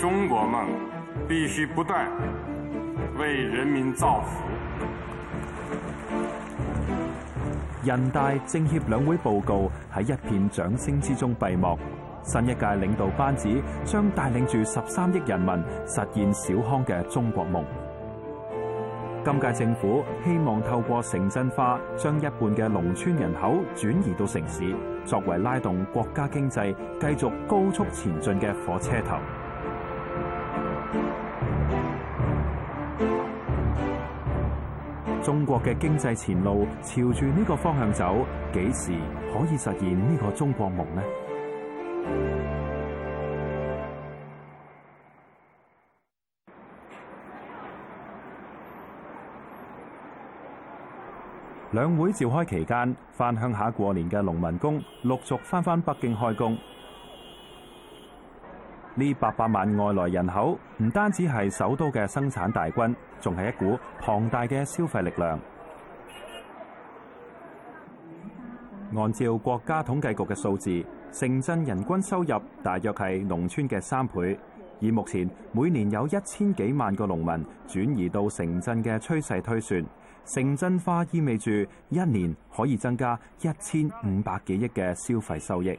中國夢必須不斷為人民造福。人大政協兩會報告喺一片掌聲之中閉幕。新一屆領導班子將帶領住十三億人民實現小康嘅中國夢。今屆政府希望透過城鎮化，將一半嘅農村人口轉移到城市，作為拉動國家經濟繼續高速前進嘅火車頭。中國嘅經濟前路朝住呢個方向走，幾時可以實現呢個中國夢呢？兩會召開期間，翻鄉下過年嘅農民工陸續翻返北京開工。呢八百萬外來人口唔單止係首都嘅生產大軍，仲係一股龐大嘅消費力量。按照國家統計局嘅數字，城鎮人均收入大約係農村嘅三倍。以目前每年有一千幾萬個農民轉移到城鎮嘅趨勢推算，城鎮化意味住一年可以增加一千五百幾億嘅消費收益。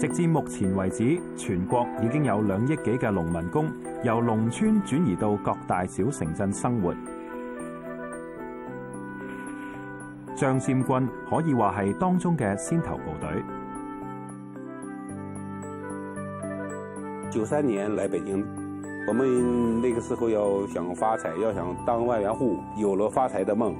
直至目前為止，全國已經有兩億幾嘅農民工由農村轉移到各大小城鎮生活。張占軍可以話係當中嘅先頭部隊。九三年來北京，我們那個時候要想發財，要想當萬元戶，有了發財的夢。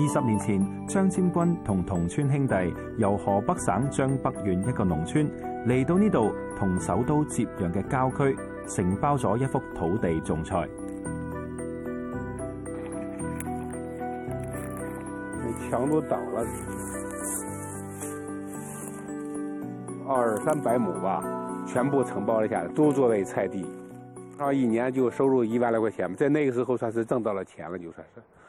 二十年前，張占軍同同村兄弟由河北省張北縣一個農村嚟到呢度，同首都接壤嘅郊區承包咗一幅土地種菜。牆都倒了，二三百畝吧，全部承包咗下來，都作為菜地。啊，一年就收入一萬來塊錢，在那個時候算是掙到了錢了，就算是。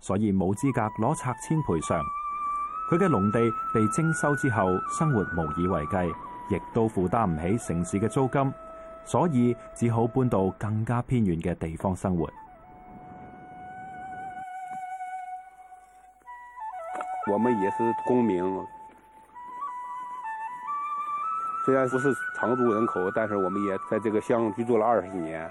所以冇資格攞拆遷賠償。佢嘅農地被徵收之後，生活無以為繼，亦都負擔唔起城市嘅租金，所以只好搬到更加偏遠嘅地方生活。我們也是公民，雖然不是常住人口，但是我們也在這個鄉居住了二十幾年。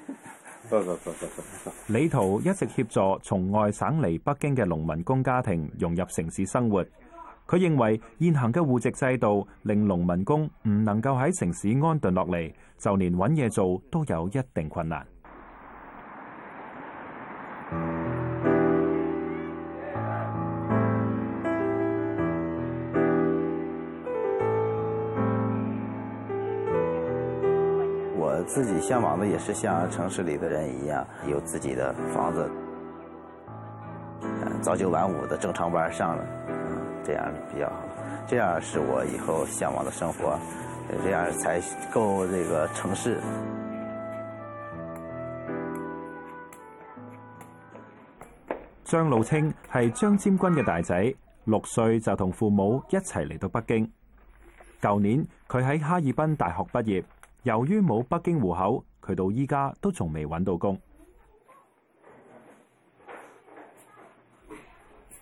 多多多多。李濤一直協助從外省嚟北京嘅農民工家庭融入城市生活。佢認為現行嘅戶籍制度令農民工唔能夠喺城市安頓落嚟，就連揾嘢做都有一定困難。我自己嚮往的也是像城市裏的人一樣，有自己的房子，朝九晚五的正常班上了，這樣比較好，這樣是我以後嚮往的生活，這樣才夠這個城市。張老清是張占軍嘅大仔，六歲就同父母一齊嚟到北京。舊年佢喺哈爾濱大學畢業。由於冇北京戶口，佢到依家都仲未揾到工。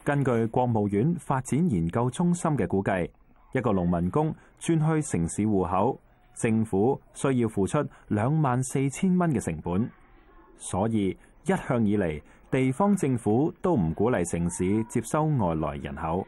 根據國務院發展研究中心嘅估計，一個農民工轉去城市戶口，政府需要付出兩萬四千蚊嘅成本。所以一向以嚟，地方政府都唔鼓勵城市接收外來人口。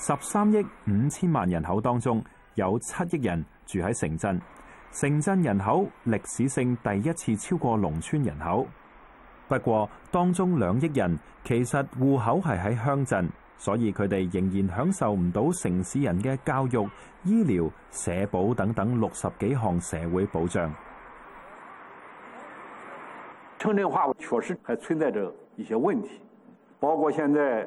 十三億五千萬人口當中，有七億人住喺城鎮，城鎮人口歷史性第一次超過農村人口。不過，當中兩億人其實戶口係喺鄉鎮，所以佢哋仍然享受唔到城市人嘅教育、醫療、社保等等六十幾項社會保障。城鎮化確實還存在着一些問題，包括現在。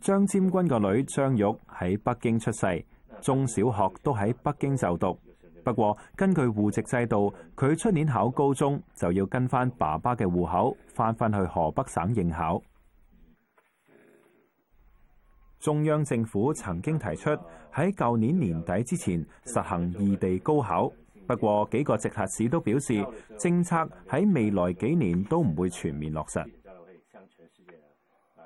張占軍個女張玉喺北京出世，中小學都喺北京就讀。不過，根據戶籍制度，佢出年考高中就要跟翻爸爸嘅戶口，翻翻去河北省應考。中央政府曾經提出喺舊年年底之前實行異地高考，不過幾個直轄市都表示政策喺未來幾年都唔會全面落實。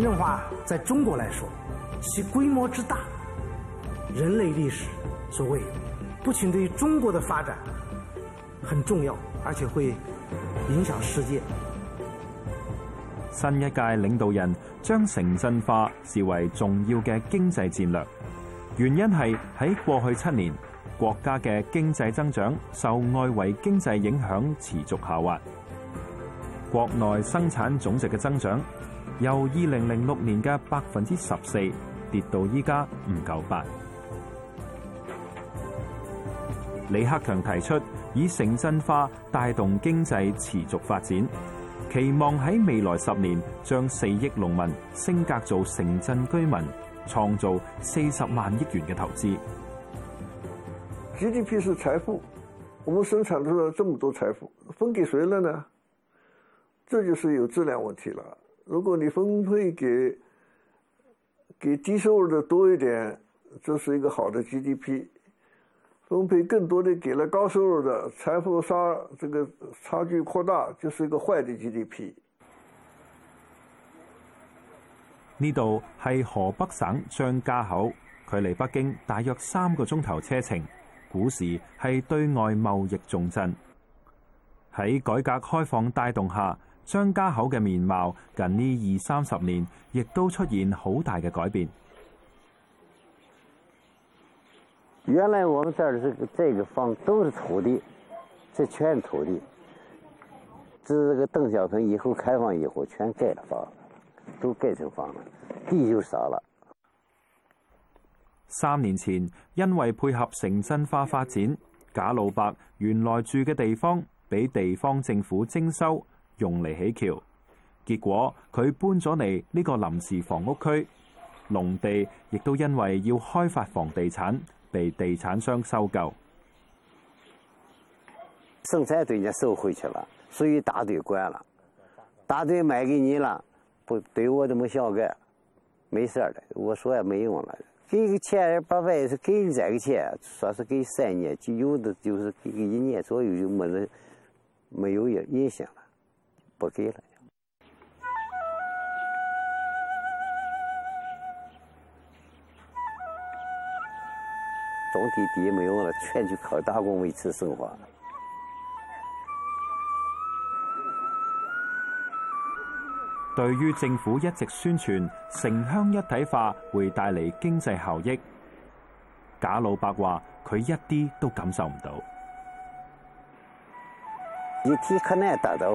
城鎮化在中國來說，其規模之大，人類歷史所謂，不僅對中國的發展很重要，而且會影響世界。新一屆領導人將城鎮化視為重要嘅經濟戰略，原因係喺過去七年，國家嘅經濟增長受外圍經濟影響持續下滑，國內生產總值嘅增長。由二零零六年嘅百分之十四跌到依家唔夠八，李克強提出以城鎮化帶動經濟持續發展，期望喺未來十年將四億農民升格做城鎮居民，創造四十萬億元嘅投資。GDP 是財富，我們生產出了這麼多財富，分給誰了呢？這就是有質量問題啦。如果你分配給給低收入的多一點，這是一個好的 GDP；分配更多的給了高收入的，財富差這個差距擴大，就是一個壞的 GDP。呢度係河北省張家口，距離北京大約三個鐘頭車程，古時係對外貿易重鎮。喺改革開放帶動下，張家口嘅面貌近呢二三十年，亦都出現好大嘅改變。原來我們這兒這個這個房都是土地，這全是土地。這個鄧小平以後開放以後，全蓋了房，都蓋成房了，地又少了。三年前，因為配合城鎮化發展，賈老伯原來住嘅地方俾地方政府徵收。用嚟起橋，結果佢搬咗嚟呢個臨時房屋區，農地亦都因為要開發房地產，被地產商收購。生產隊也收回去了，所以大隊管了，大隊賣給你了，不對我都冇想噶，沒事啦，我說也沒用了，給個千八百是給你這個錢，說是給三年，就有的就是給個一年左右就沒人沒有影影響。種地，地沒有了，全就靠打工維持生活。對於政府一直宣傳城鄉一體化會帶來經濟效益，賈老伯話：佢一啲都感受唔到。你聽可能達到。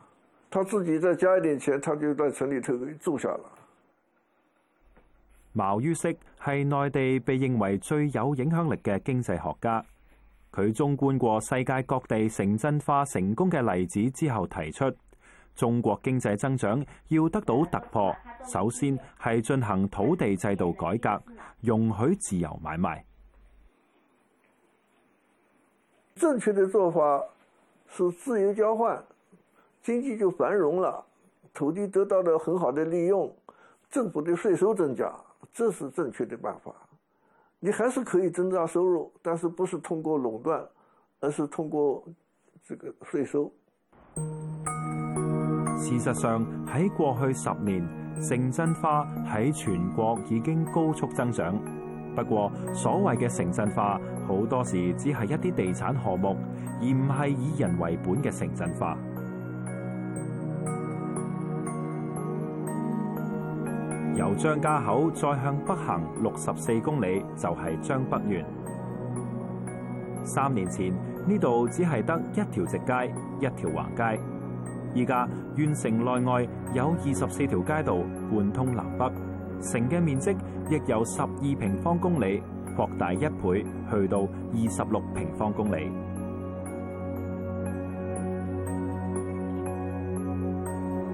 他自己再加一點錢，他就在城裏頭住下了。茅于軾係內地被認為最有影響力嘅經濟學家。佢縱觀過世界各地城鎮化成功嘅例子之後，提出中國經濟增長要得到突破，首先係進行土地制度改革，容許自由買賣。正確的做法是自由交換。經濟就繁榮了，土地得到了很好的利用，政府的稅收增加，這是正確的辦法。你還是可以增加收入，但是不是通過壟斷，而是通過這個稅收。事實上，喺過去十年，城鎮化喺全國已經高速增長。不過，所謂嘅城鎮化，好多時只係一啲地產項目，而唔係以人為本嘅城鎮化。由張家口再向北行六十四公里，就係張北縣。三年前呢度只係得一條直街、一條橫街，而家縣城內外有二十四條街道貫通南北，城嘅面積亦由十二平方公里擴大一倍，去到二十六平方公里。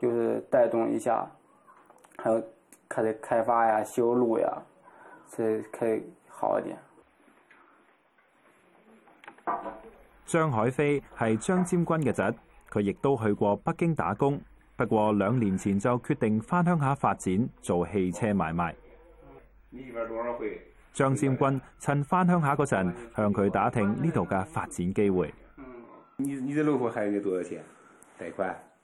就是帶動一下，還有開開發呀、修路呀，可以好一點。張海飛係張占軍嘅侄，佢亦都去過北京打工，不過兩年前就決定翻鄉下發展，做汽車買賣。你張占軍趁翻鄉下嗰陣，向佢打聽呢度嘅發展機會。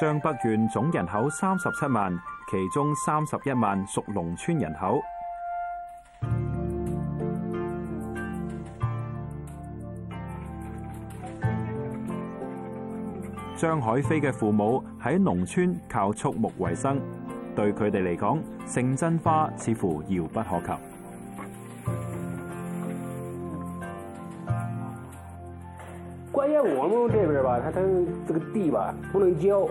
張北縣總人口三十七萬，其中三十一萬屬農村人口。張海飛嘅父母喺農村靠畜牧為生對，對佢哋嚟講，城鎮化似乎遙不可及。關鍵我們這邊吧，它它這個地吧，不能澆。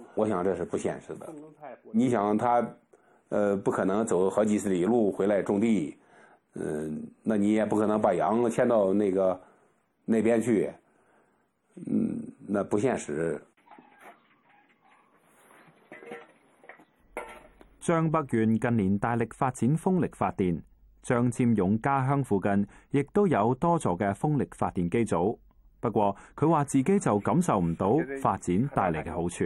我想這是不現實的。你想他，呃，不可能走好幾十里路回來種地，嗯，那你也不可能把羊牽到那個那邊去，嗯，那不現實。張北縣近年大力發展風力發電，張占軍家鄉附近亦都有多座嘅風力發電機組。不過佢話自己就感受唔到發展帶嚟嘅好處。